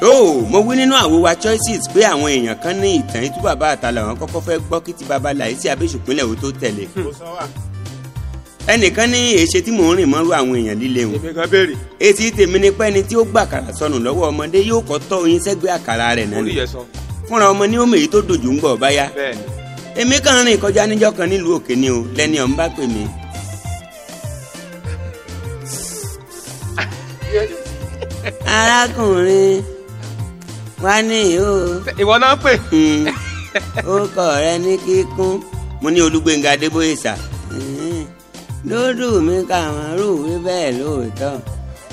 tó o mo wí nínú àwo choices pé àwọn èèyàn kan ní ìtàn itú bàbá àtàlà wọn kọ́kọ́ fẹ́ gbọ́ kí ti bàbá làyísí abéṣùpínlẹ̀ wo tó tẹ̀lé. ẹnìkan ní èṣe tí mò ń rìn mọ́rú àwọn èèyàn líle wọn. etí tèmi ni pé ẹni tí ó gbà àkàrà sọnù lọ́wọ́ ọmọdé yóò kọ́ tọ́ oyin sẹ́gbẹ́ àkàrà rẹ̀ náà ni. fúnra ọmọ ní omi èyí tó dojú ń gbọ̀ báyá. èmi kàn rìn kọjá níjọ́ kan nílùú òkè ni o lẹ́ni ọ̀ ń bá pè arákùnrin wá ní o. ìwọ náà pè. orúkọ hmm. rẹ ní kíkún. mo ní olúgbénga adébóyè hmm. lódù mi káwọn rúwé bẹ́ẹ̀ lóòótọ́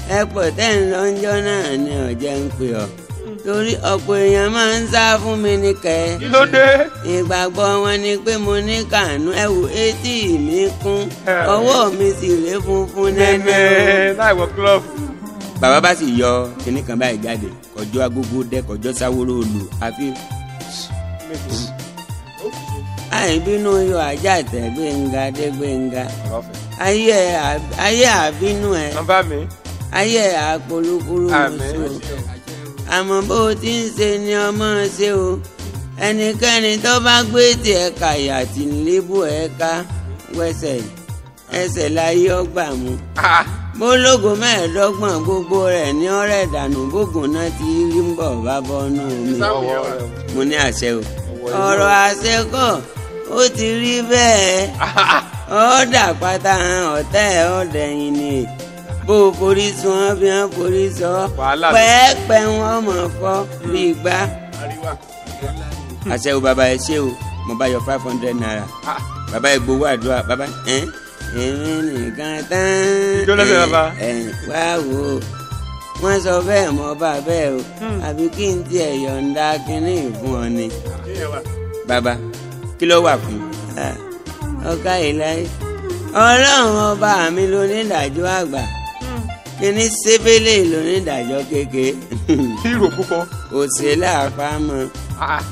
ẹ pọ̀ tẹ́ ń lọ ńjọ́ náà ni ọ̀jẹ̀ ń pè ọ́ torí ọ̀pọ̀ èèyàn máa ń sá fún mi ní kẹ́. kí ló ìgbàgbọ́ wọn ni pé mo ní kànú ẹ etí mi kún ọwọ́ mi sì lé funfun nẹ́nẹ́. nẹ́nẹ́ láìwọ kílọ̀fù. bàbá bá sì yọ kinní kan báyìí jáde kọjọ agogo dẹ kọjọ sáwóró olù àfi. àìbínú yọ ajá tẹ gbẹngà dé gbẹngà ayé ayé àbínú ẹ ayé àpolúkúrú mọṣọ àmọ́ bó ti ń ṣe ni ọmọ ṣe o ẹnikẹ́ni tó bá gbé tiẹ̀ kàyà tì ní lébù ẹ̀ka wẹsẹ̀ ẹsẹ̀ láyé ọgbà mu. Ah bólógo mẹ́ẹ̀ẹ́dọ́gbọ̀n gbogbo rẹ̀ ní ọ̀rẹ́ ìdànù bógun náà ti rí ń bọ̀ bá bọ́nú omi mo ní àṣẹ o ọ̀rọ̀ àṣẹ kọ́ ó ti rí bẹ́ẹ̀ ọ̀ọ́dà pátá hàn ọ̀tẹ́ ọ̀dẹ̀yìn ni bó o forí sun ọ́ bí wọ́n forí sọ pẹ́ẹ́pẹ́ wọn mọ̀ fọ́ bí hmm. gbá. àṣẹ o bàbá ẹ ṣé o mo bá yọ five hundred naira ah. bàbá ẹ gbowó àdúrà bàbá ẹ. Eh? èmi nìkan tán ẹ̀yìn wá wò ó wọ́n sọ bẹ́ẹ̀ mọ́ bá bẹ́ẹ̀ o hmm. àbí kí n tiẹ̀ yọ̀ǹda kínní ìfún ọ ni. bàbá kí ló wà fún ah, ọkà ìláyé ọlọ́run ọba mi lónídàájọ́ àgbà hmm. kíní sébélé lónídàájọ́ kékeré. kí ìrò púpọ̀. kò sí láàfá mọ́ ah.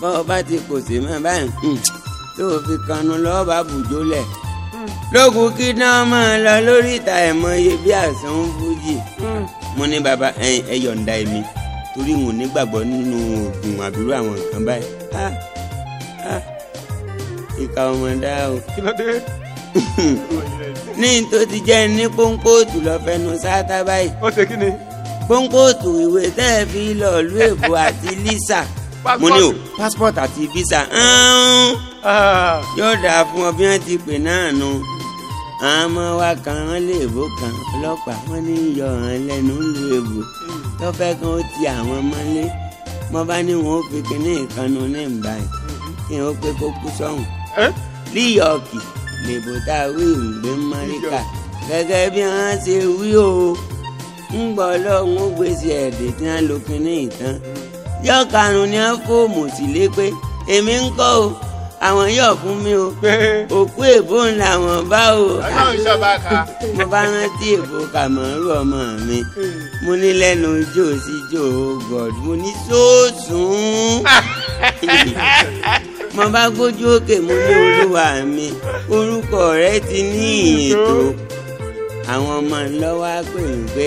bọ́ọ̀ bá ti kò sí mọ́ báyìí tó o fi kanu lọ́ọ́ bá bùjólẹ̀ lókun kí náà máa lọ lórí ìta ẹ̀mọye bí àsán fújì hmm. mo ní baba ẹ yọ̀ǹda èmi torí n ò nígbàgbọ́ nínú oògùn àbúrò àwọn nǹkan báyìí ìka ọmọ dá o ní tó ti jẹ́ ní pọ́ńpọ́ọ̀tù lọ́fẹ́nu sáátá báyìí pọ́ńpọ́ọ̀tù ìwé tẹ́ẹ̀ fi lọ́ọ̀lú èbó àti lísà. mo ní o passport àti visa ah. yóò dáa fún ọ bí wọ́n ti pè náà nu àmọ́ wa kan wọ́n lè bó kan ọlọ́pàá wọ́n ní yọ ọ̀hán lẹ́nu lu èbò tó fẹ́ kan ó ti àwọn mọ́lé mo bá ní wọn ó fi kinní ìkànnù ní ìbáyìí kí wọn ó pé kó kú sọ́hùn. líyọ̀ọ̀kì eh? lèbò tá a wí ìgbé mọ́ríkà gẹ́gẹ́ bí wọ́n ṣe wí o ń gbọ́ ọlọ́run ó gbèsè ẹ̀dẹ̀ tí wọ́n lo kinní ìtàn yọ karùn-ún ni wọ́n fóòmù sílé pé èmi ń kọ́ o àwọn yóò fún mi o òkú èbó ń làwọn bá o mo bá rántí èbó kàmọ́rù ọmọ mi mo ní lẹ́nu ijó sí ijó god mo ní sóòsùn mo bá gbójú òkè mo ní olúwa mi orúkọ rẹ ti ní ìyìn àwọn ọmọ lọ́wọ́ á pè mí pé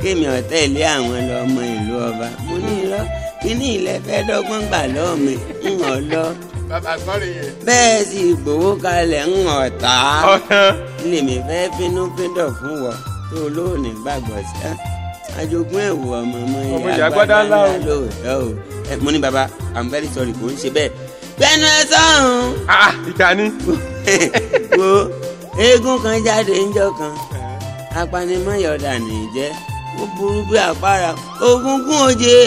kémi ọ̀tẹ̀lé àwọn lọ́mọ ìlú ọba mo ní lọ́wọ́ kíní ilẹ̀ fẹ́ dọ́gbọ́n gbà lọ́ọ̀mì ń hàn lọ. bàbá sọ́ọ̀rì yẹn. bẹ́ẹ̀ sì gbowó kalẹ̀ ń hàn tá. lèmi fẹ́ fínúfíndọ̀ fún wọ tó lóòní gbàgbọ́ sí ẹ́ àjogún ẹ̀wò ọmọ ọmọ ìyá gbọ́dá ńlá lóòótọ́ o ẹ mo ní bàbá i'm very sorry kò ń ṣe bẹ́ẹ̀ bẹ́ẹ̀nu ẹ sọ̀hún. Ah, ìkànnì. wo eégún kan jáde ńjọ́ kan apanimọ̀yọ̀dà nìjẹ́ ó burú bí àpárá ògúngún òjé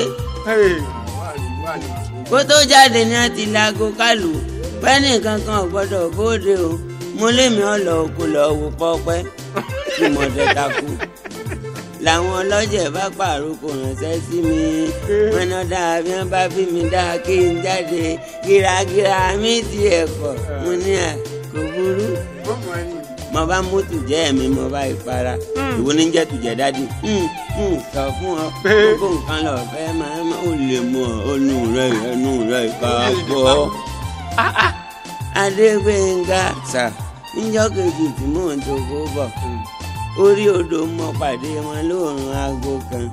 kó tó jáde ní àti lago kálù pẹ́ẹ́nì kankan ò gbọ́dọ̀ bóde o mo lémi ọ̀lọ́ kò lọ́ọ́ wò pọ́pẹ́ tí mo dẹ̀ takú làwọn ọlọ́jẹ̀ bá pààrọ̀ kò ránṣẹ́ sí mi wọn náà dáa bí wọn bá bí mi dáa kí n jáde gíragíra mi ti ẹ̀kọ́ mo ní à kò burú mo bá mú tùjẹ́ mi mo bá ìpara hmm. ìwo ní jẹ́ tùjẹ́ dádì hmm, hmm, sọ fún ọ gbogbo nǹkan lọ fẹ́ máa ń ó lè mọ ọnù rẹ ẹnu rẹ ìpapọ̀. Ah, ah. adégbénga sà níjọ́ kejì tí mò ń tòkó bọ̀ orí odò mọ pàdé wọn lóòrùn aago kan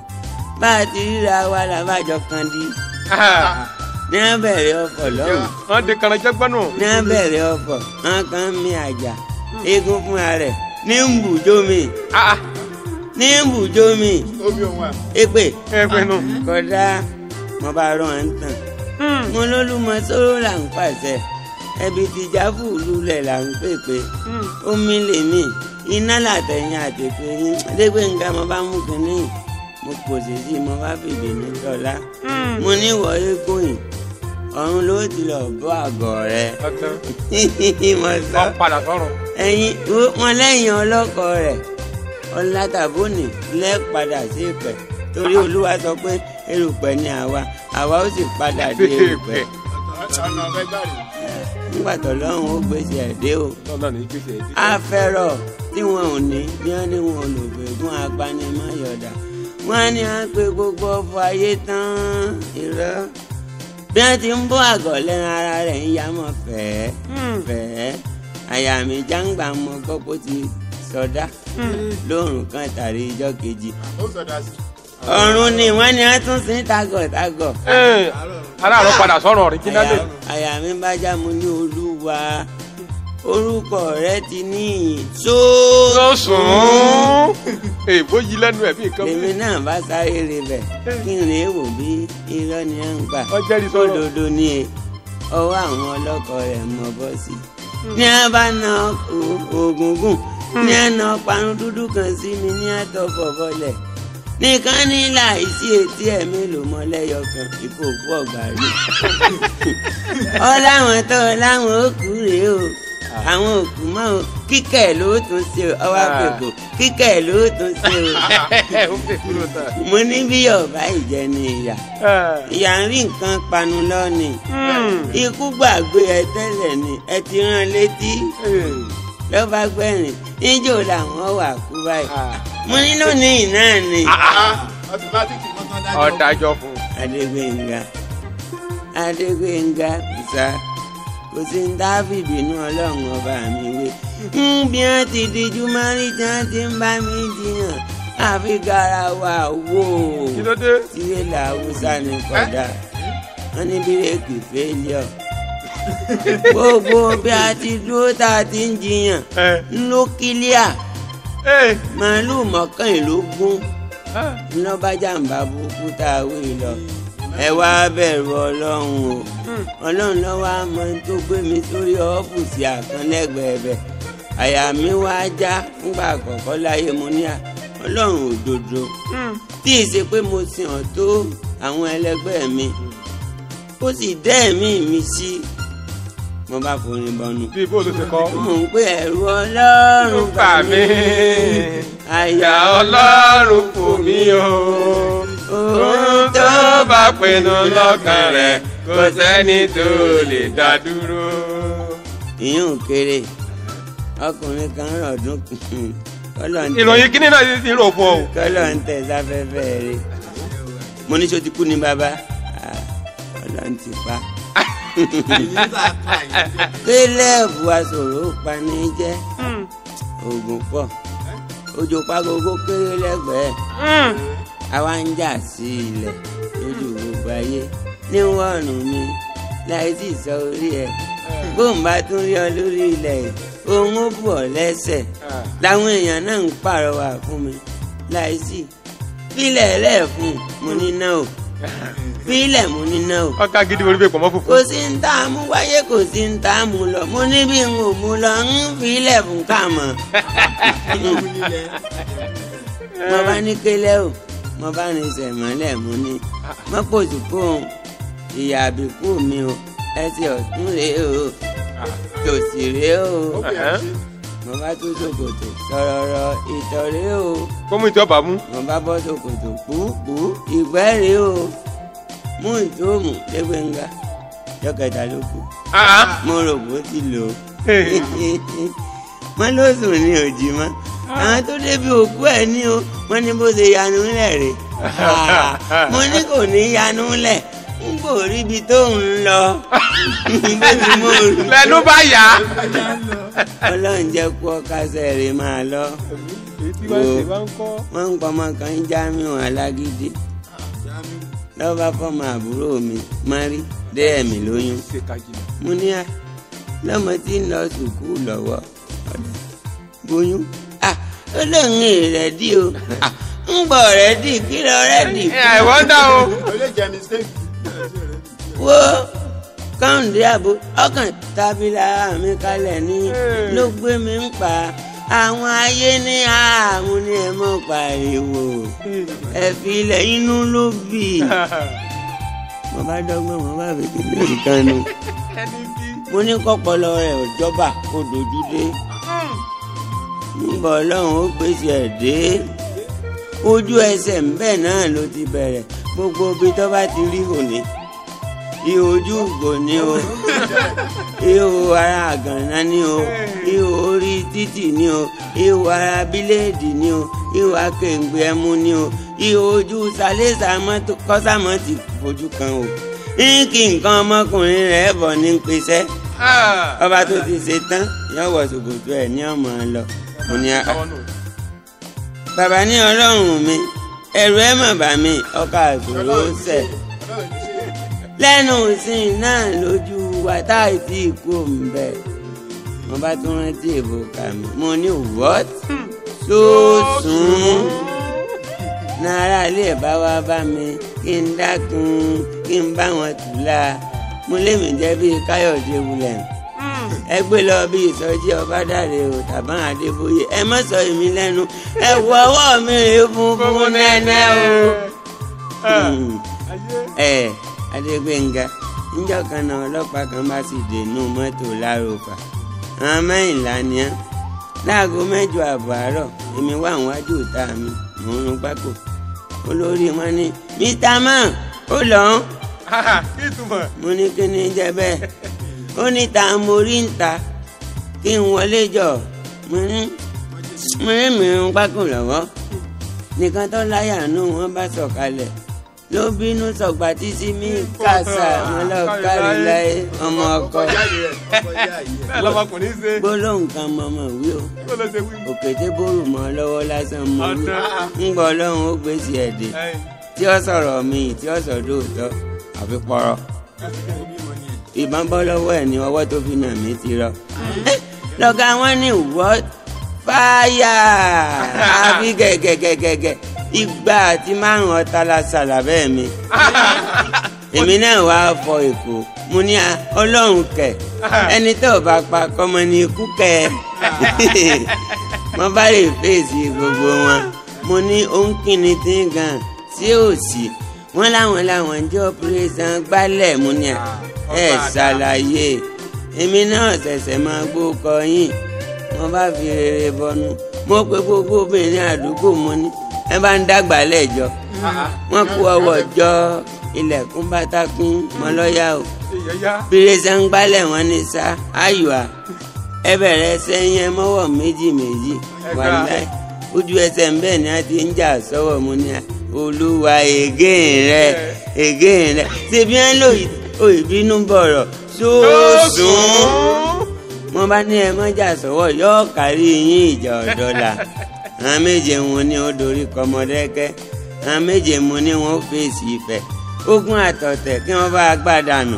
bá a ti ríra wa làbájọ kan di ah. ní abẹ́rẹ́ ọkọ̀ lọ́hùn. ní abẹ́rẹ́ ọkọ̀ wọn kàn ń àjà eégún fúnra rẹ̀ ní ń bùjó mi ah, ah. ní ń bùjó mi èpè kódà mo bá rán ẹ̀ ń tàn mo lólúmọ sóró là ń pàṣẹ ẹbí tìjà fùlù lẹ̀ là ń pèpè hmm. omi lèmi iná làtẹ̀yìn àtẹ̀pẹ́ yín adégbèǹga mo bá mú kínní mo pòṣèṣì mo bá fìbínú tọ́lá hmm. mo ní ìwọ eégún yìí ọ̀run ló ti lọ bọ́ àgọ́ rẹ. mo sọ ẹyin wọn lẹ́yìn ọlọ́kọ rẹ̀ ọlátàbónì lẹ́ẹ̀padà sí ìpẹ́ torí olúwa sọ pé erùpẹ̀ ni àwa àwa ó sì padà dé erùpẹ̀. nígbà tó lọ́hùn ó gbèsè ẹ̀dẹ́ o afẹ́rọ̀ tí wọn ò ní bí wọ́n ní wọn olùgbègùn apanimayọ̀dà wọ́n á ní wọ́n á pe gbogbo ọ̀fọ̀ ayé tán irọ́ bí wọ́n ti ń bọ́ àgọ́ lẹ́nu ara rẹ̀ ń yá mọ̀ fẹ́ẹ́ fẹ́ẹ́ hmm. àyà mi jáǹgbà mọ gbọ́ bó ti sọdá hmm. lóòrùn kan tàrí ijọ́ kejì. ọ̀run ni wọ́n ní wọ́n tún sí tagọ̀tagọ̀. Eh, aláàárọ̀ padà sọ̀rọ̀ ọ̀rìjínálì. àyà mi bá já mu ní olúwa orúkọ rẹ ti ní sóòsùn. èèbó yìí lẹ́nu ẹ̀mí kan. lèmi náà bá sáré rè bẹ̀ kí n lè wò bí irọ́ ni ẹ ń gbà òdodo ni e ọwọ́ àwọn ọlọ́kọ rẹ̀ mọ bọ́ hmm. ní a bá na ògùngùn hmm. ní a na parun dúdú kan sí mi ní àtọ̀fọ̀ bọ́lẹ̀ nìkan ní láìsí etí ẹ mélòó mọ lẹyọ kan ipò òkú ọgbà rí ọ láwọn tó láwọn ó kú rèé o àwọn òkú mọ́ o kíkẹ́ ẹ̀ ló tún ṣe o ọwọ́ ah. àpèkò kíkẹ́ ẹ̀ ló tún ṣe o. mo ní bí ọba ìjẹ ni ìyà ah. ìyà ń rí nǹkan panu lọ́ọ̀nì hmm. ikú gbàgbé ẹ tẹ́lẹ̀ ni ẹ ti rán létí hmm. lọ́ba gbẹ̀rìn níjó làwọn wà kú báyìí ah. mo ní lónìí náà ni. ọ̀dájọ́ fún. Adégbénga Adégbénga Bisá kò sí ń tá fìbínú ọlọ́run ọba mi wé ń bí wọ́n ti dijú mọ́rí tí wọ́n ti ń bá mi jiyàn àfi garawa wò ó tíwé là haúsá ní kọjá wọ́n ní bírèkì fẹ́líọ̀ gbogbo bí a ti dúró tá a ti ń jiyàn ńlókìlíà màálù mọ́kànlélógún ńlọ́bàjàmbá burúkú tá a wé lọ ẹ wá bẹ̀rù ọlọ́run o hmm. ọlọ́run lọ́wọ́ àmọ́ tó gbé mi sórí ọ́fùsì àkànlẹ́gbẹ̀ẹ́ bẹ̀ àyà mi wá já ńgbà àkọ́kọ́ láyé mo ní à ọlọ́run òdodo hmm. tí ì ṣe pé mo sìn ọ́ tó àwọn ẹlẹgbẹ́ mi ó sì dẹ́ ẹ̀mí mi sí mo bá forin bọnu. bí bó ló ti kọ́. mò ń pè ẹ̀rù ọlọ́run pa mí àyà ọlọ́run kò mí o ohun tó bá pinnu lọ́kàn rẹ̀ kò sẹ́ni tó lè dá dúró. ìyún kéré ọkùnrin kan rọ̀dún ìròyìn kíní náà ti rò fún ọ. kọ́lọ̀ ń tẹ̀ sáfẹ́fẹ́ rẹ mo ní sọ ti kú ní bàbá kọ́lọ̀ ń ti pa. kílẹ̀bù aṣòro pani jẹ́ oògùn hmm. pọ̀ ojú pagogó kéré lẹ́gbẹ̀ẹ́. Hmm àwa ń jà sí ilẹ̀ lójú gbogbo ayé ní wọ́ọ̀nù mi láì sì sọ orí ẹ̀ bó ń bá tún rí ọ lórí ilẹ̀ yìí òun ó bù ọ lẹ́sẹ̀ làwọn èèyàn náà ń pàrọwà fún mi láì sí fílẹ̀ ẹlẹ́ẹ̀fún mo ní náà o fílẹ̀ mo ní náà o. ọkà gidi orí bẹ pọ̀mọ́ fùfú. kò sí ń tá a mú wáyé kò sí ń tá a mú lọ mo ní bí n ò mú lọ ń fílẹ̀ fún kàmọ́. mo bá ní kélé o mo bá rin ṣẹ̀ mọ́lẹ̀ mo ní mo kò tún kó òun ìyá àbíkú mi o ẹsẹ̀ ọ̀tún rèé o tòsì rèé o mo bá tún ṣòkòtò sọ̀rọ̀rọ̀ ìtọ̀ rèé o. kọ́mú ìtọ́ bá mú. mo bá bọ́ ṣòkòtò púpù ìgbẹ́ rèé o mú ìtòmù lẹ́gbẹ̀ngà jọ́kẹ̀ta ló kù. Ah, ah. mo rò bó ti lò ó wọ́n ló ní òjì mọ́. àwọn tó débi òkú ẹ ní o wọn ní bó ṣe yanu lẹ rè mo ní kò ní yanu ńlẹ̀ n kò ríbi tó ń lọ bébí mo rí. lẹnu bá yá. ọlọ́run jẹ́ kú rè máa lọ. wọ́n ń pọmọ kan Jamiu Alágídí lọ́ba fọmọ àbúrò mi mari dẹ́ẹ̀mí lóyún mo ní à lọ́mọ tí ń lọ sùkúù lọ́wọ́ bóyún. ó lóun ìrẹ̀dí o ah. ń bọ̀ rẹ́dí kí lọ rẹ́dí. àìwọ́dà o. wo káùndé àbò ọkàn tábìlà mi kalẹ̀ ní ló gbé mi ń pa àwọn ayé ní àmú ni ẹ mọ̀ pariwo ẹ fi ilẹ̀ inú ló bì í. mo bá dọ́gbọ́n mo bá fètè lórí kan mo ní kọ́pọ̀lọ́ rẹ̀ ọ̀jọ́bà kó dojú dé. Hmm nígbà ọlọ́run ó gbèsè ẹ̀ dé ojú ẹsẹ̀ ńbẹ̀ náà ló ti bẹ̀rẹ̀ gbogbo ibi tó bá ti rí òní ihò ojú ìgò ni o ihò ara àgànná ni o ihò orí títì ni o ihò ara bíléèdì ni o ihò akéǹgbé ẹmu ni o ihò ojú sálẹ́sà kọ́sàmọ́ ti fojú kan o kí nǹkan ọmọkùnrin rẹ̀ bọ̀ ní pèsè ah. ọba tó ti ṣe tán yọ̀wọ̀ ṣòkòtò ẹ̀ ní ọmọ lọ mo ní àhà bàbá ní ọlọ́run mi ẹ̀rù ẹ̀ mà bà mí ọkà àgbòrò sẹ̀ lẹ́nu ìsìn náà lójú wàtá ìdí ìkú òǹbẹ mo bá tún rántí ìbò kà mí mo ní what tó sùn náírà ilé ẹ̀bá wa bá mi kí n dákun kí n bá wọn tù láà mo lè mí jẹ́ bí káyọ̀dé wulẹ̀. ẹ gbé lọ bí ìsọjí ọbádàrẹ o tàbá adébóyè ẹ má sọ èmi lẹ́nu ẹ wọ ọwọ́ mi funfun nẹ́nẹ́ o. Hmm. ẹ adégbénga níjọ́ kan kan bá sì dènú mọ́tò láròpà àwọn ni á láago mẹ́jọ àbọ̀ àárọ̀ èmi wà níwájú mi mò ń olori pákó olórí wọn ni mr man ó kí ìtumọ̀. ó ní ta morí ń ta kí n wọlé jọ mo ní mo ní mìíràn pákó lọ́wọ́ nìkan tó láyà nù wọ́n bá sọ̀kalẹ̀ ló bínú sọ̀gbà títí mi kàṣà wọn lọ kárí láyé ọmọ ọkọ gbólóhùn kan mọmọ wí o òkété bóòrù mọ lọ́wọ́ lásán mọ wí ń gbọ́ ọlọ́run ó gbèsè ẹ̀dẹ̀ tí ó sọ̀rọ̀ mi tí ó sọ̀dọ̀ òótọ́ àfi pọ̀rọ̀ ìbọn bọ́ lọ́wọ́ ẹ̀ ní ọwọ́ tó fi nà mí ti rọ. lọ́gà wọn ní wọ́ fáyà àbí gẹ̀gẹ̀gẹ̀gẹ̀ igba àti márùn ọ̀tá la sàlà bẹ́ẹ̀ mi. èmi náà wàá fọ èkó mo ní ọlọ́run kẹ̀ ẹni tó bá pa kọ́mọ ní ikú kẹ̀ mo bá lè fèsì gbogbo wọn mo ní òǹkìní tí ń gan sí òsì wọn láwọn làwọn jọ pírẹsàn gbálẹ̀ mo ní à ẹ ṣàlàyé èmi náà ṣẹ̀ṣẹ̀ máa gbó kọyìn mo bá fi rere bọnu mo pe gbogbo obìnrin àdúgbò mo ní ẹ bá ń dàgbà lẹ́jọ mm-hmm. wọ́n kú ọwọ́ jọ ilẹ̀kùn bátákún mọ́lọ́yà o bírèsẹ̀ ń gbálẹ̀ wọn ní sá ayò à ẹ bẹ̀rẹ̀ ẹsẹ̀ yẹn mọ́wọ́ méjì méjì wàláì ojú ẹsẹ̀ ń bẹ̀ ni a ti ń jà sọ́wọ́ mo ní olúwa ègéyìn rẹ ègéyìn rẹ ṣèbí ẹ ń lò yìí ìbínú bọ̀rọ̀ sóòsùn mo bá ní ẹ mọ́jà sọ́wọ́ yóò kárí yín ìjà ọ̀dọ́là àwọn méje wọn ni ó dorí kọmọdẹ́kẹ́ àwọn méje wọn ni wọn ó fèsì ìfẹ́ ogun àtọ̀tẹ̀ kí wọ́n bá gbà gbàdànù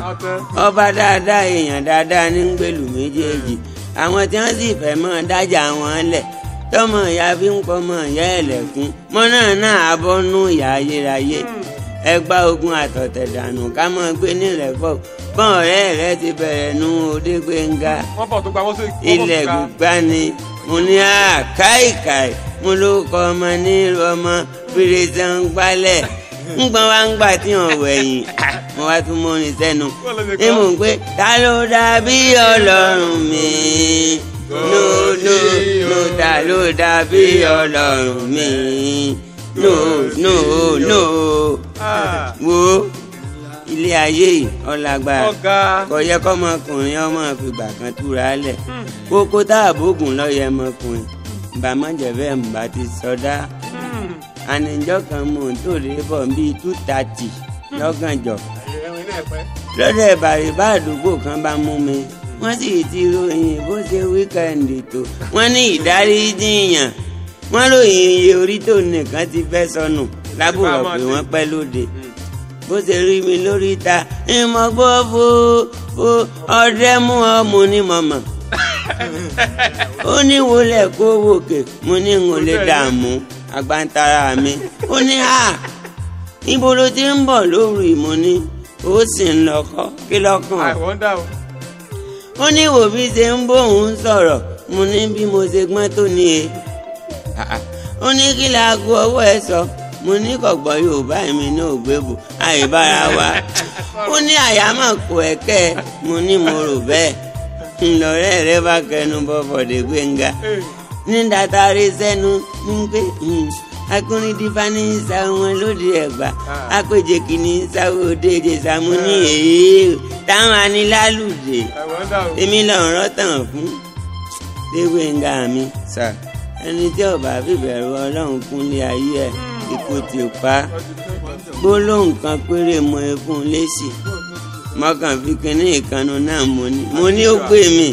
ọba dáadáa èèyàn dáadáa ní gbèlú méjèèjì àwọn tí wọn sì fẹ́ mọ́ dájà wọn lẹ̀ tọmọ ìyá fi ń pọmọ ìyá ẹ̀lẹ́kùn mọ́ náà náà abọ́nú ìyá ayérayé. Mm. ẹgbà ogun àtọ̀tẹ̀ dànù ká mọ̀ gbé nílẹ̀ fọ́ bọ́n ọ̀rẹ́ rẹ ti bẹ̀rẹ̀ nu odé gbẹ̀ngà ilẹ̀ gbani mo ní à káìkáì mo ló kọ ọmọ nílùú ọmọ fèrèsé ń gbálẹ̀ ń gbọ́n wá ń gbà tí hàn wẹ̀yìn mo wá tún mọ́ ní sẹ́nu ní mò ń pé ta ló dàbí ọlọ́run mi ló ló ta ló dàbí ọlọ́run mi ló ló Ah. wo ilé ayé ọ̀làgbà kò yẹ kọ́mọkùnrin ọmọ fìgbà kan túra lẹ̀ hmm. kókó táàbùkùn lọ́yẹ ọmọkùnrin bàmọ́ jẹ̀bẹ́ mbà ti sọdá hmm. ànìjọ́ kan mò ń tò lé bọ̀ bíi two thirty hmm. lọ́gànjọ́ lọ́dọ̀ ìbàrìbá àdúgbò kan bá mú mi wọ́n sì ti ròyìn bó ṣe wíkẹ́ǹdì tó wọ́n ní ìdáríjìyàn wọ́n ròyìn iye orí tó nìkan ti fẹ́ sọnù lábùrọ̀ pé pẹ́ lóde bó ṣe rí mi lórí ìta ìmọ̀gbọ́ fo fo ọdẹ mú ọmọ ní ó ní wọlé kó wòkè mo ní n lè dààmú agbántara mi ó ní à ibo ló ti ń bọ̀ lóru ìmọ̀ ó sì ń lọ́kọ́ kí lọ́kàn ó ní wò bí ṣe ń bóun sọ̀rọ̀ mo ní bí mo ṣe gbọ́n tó ní e ah, ah. ó ní kí laago ọwọ́ ẹ sọ mo ní kọ̀gbọ́ yorùbá mi náà gbébù àìbára wa ó ní àyámọ̀ kò ẹ̀kẹ́ mo ní mo rò bẹ́ẹ̀ ńlọrẹ́ rẹ bá kẹnu bọ́ Bọ̀dé Gbénga ní dátàrí sẹ́nu ní pé hmm, akúnidíbá ní sáwọn lóde ẹ̀gbá apèjè kìíní sáwọn òde ìjẹsà mo ní èyí táwọn anilálùdè èmi lọ́ọ́ rọ́tàn fún Gbénga mi ẹni tí ọba fìbẹ̀rù Ọlọ́run kúnlé ayé ẹ̀. epo tí ò pa á gbólóhùn kan péré mọ ẹkún lẹ́sì mọ́kàn fi náà mo ní mo ní ó gbé mi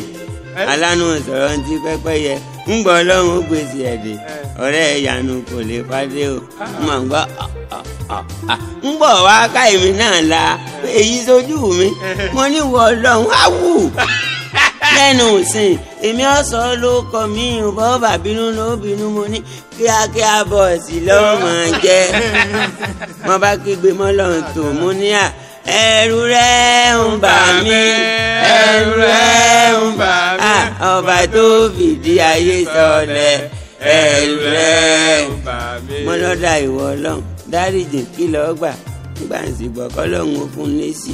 alánú sọ̀rọ̀ ti pẹ́pẹ́ yẹ ń gbọ́ ọlọ́run ó gbèsè ẹ̀dẹ̀ ọ̀rẹ́ ìyanu kò lè pàdé o mọ ń gbọ́ ń mi mo ní wọ lẹ́nu òsìn èmi ọ̀sán ló kọ mí ìbọn bàbínú ló bínú mo ní kíákíá bọ́ọ̀sì lọ́mọ jẹ́ mo bá kígbe mọ́ lọ́n tó mo ní à ẹ̀rù rẹ̀ ń bà mí ẹ̀rù rẹ̀ ń bà mí ọba tó fìdí ayé sọlẹ̀ ẹ̀rù rẹ̀ ń bà mí. mo lọ́dà ìwọ ọlọ́run dáríjì kí lọ́ọ́ gbà nígbà tí bọ̀kọ́ lọ́hùn ó fún lẹ́sì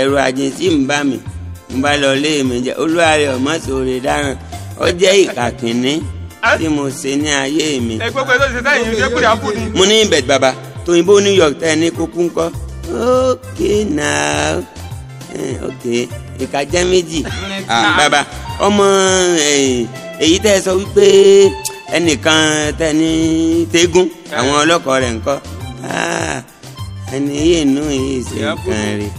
ẹ̀rù àjèjì ń bà mí. Mm mo bá lọ lé mi jẹ olúwarẹ̀ ọ̀mọ́sọ̀rẹ̀ dáràn ó jẹ́ ìkà tí mo ṣe ní ayé mi. ẹ gbogbo ẹgbẹ́ ṣẹṣẹ yìí ṣe kúrẹ́ àpò ni. mo ní ibẹ̀ bàbá tóyìnbó New York tẹ́ ní kókó ń kọ́ okay now okay ìkà jẹ́ méjì bàbá ọmọ èyí tẹ́ ẹ sọ wípé ẹnìkan tẹ́ ní tẹ́gùn àwọn ọlọ́kọ̀ rẹ̀ ń kọ́ ẹni yìí nù yìí ṣe nǹkan rẹ̀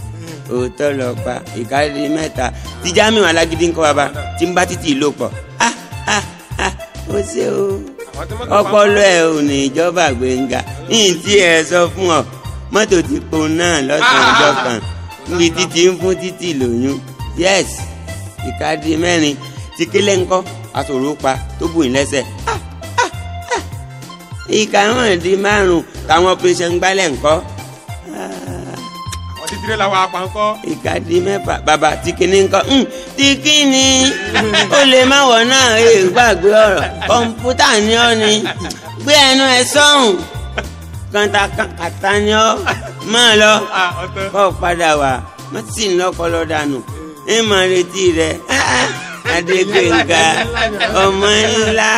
òótọ́ lọ pa ìkárí mẹ́ta tí Jamiu alágídí ń kọ́ baba tí ń bá títì ìlò pọ̀ ah ah ah ó ṣe o ọpọlọ ẹ ò ní ìjọba gbẹ̀ngà yìí tí ẹ sọ fún ọ mọ́tò ti po náà lọ́sàn-án kan níbi títí ń fún títì lóyún yes ìkárí mẹ́rin ti kílẹ̀ ńkọ́ àtòrò pa tó bù yín lẹ́sẹ̀ ah ah ah ìkà hàn di márùn-ún táwọn operation gbálẹ̀ ńkọ́ titire la wa pankọ. ìkàdí mẹ́fà bàbá tí kìíní ńkọ́ hmm, tí kìíní ó lè má wọ̀ náà ẹ̀ e, gbàgbé ọ̀rọ̀ kọ̀ǹpútà ni ọ́ ni gbé ẹnu ẹ sọ́hùn kọ́ńtà kàtà ni ọ́ máa lọ kọ́ padà wá má sì ń lọ́kọ́ lọ dànù ẹ̀ máa retí rẹ̀ Adégbèǹga ọmọ ńlá.